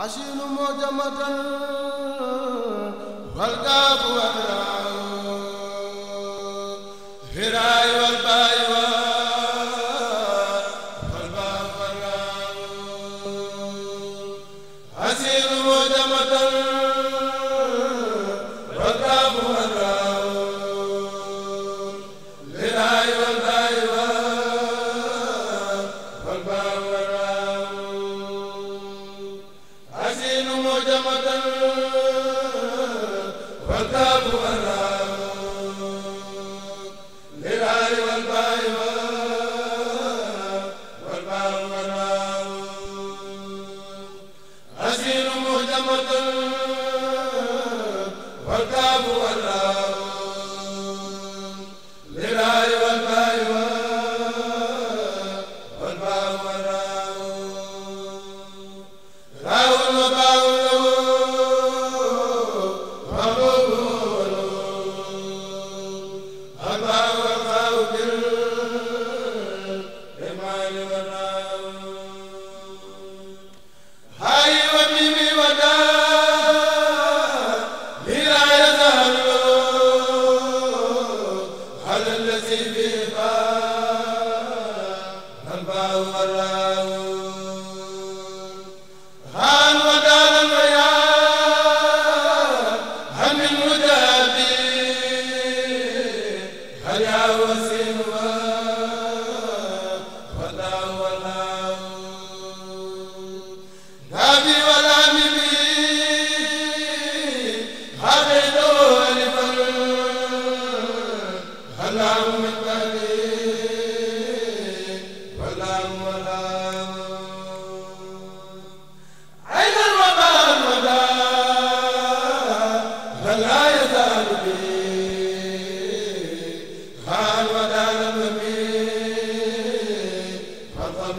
أشين موجمة والقاف وغير Bye-bye.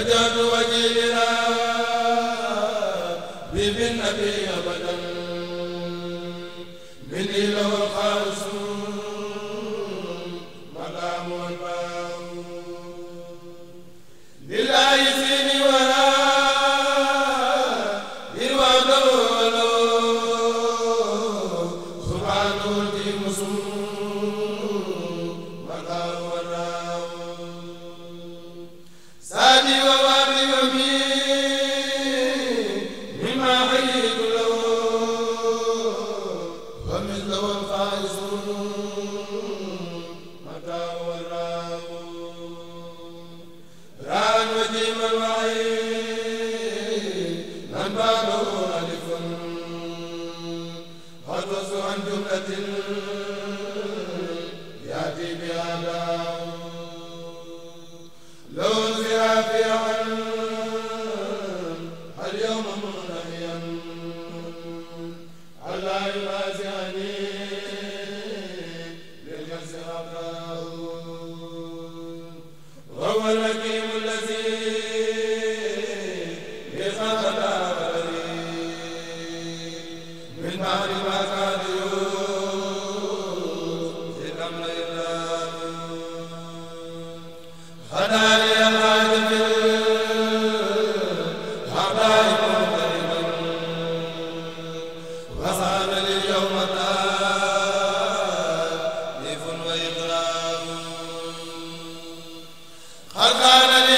ajaa azul ala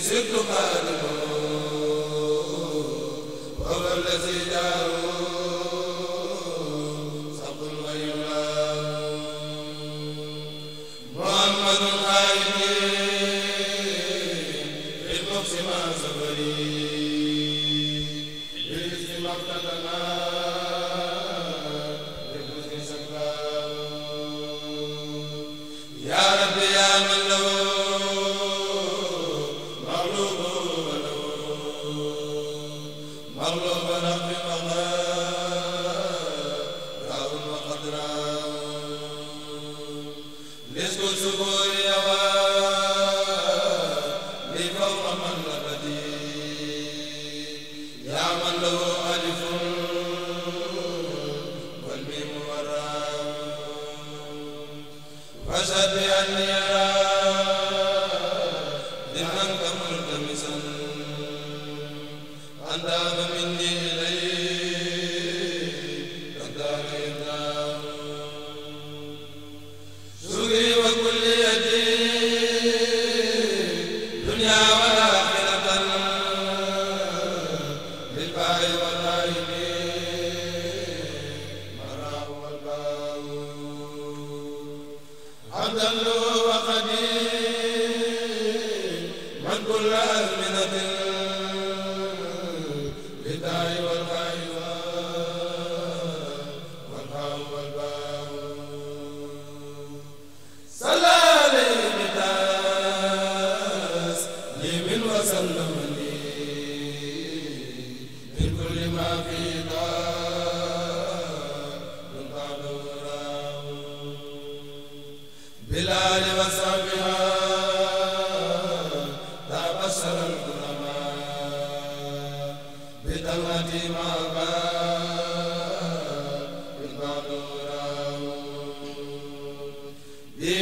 zikru كل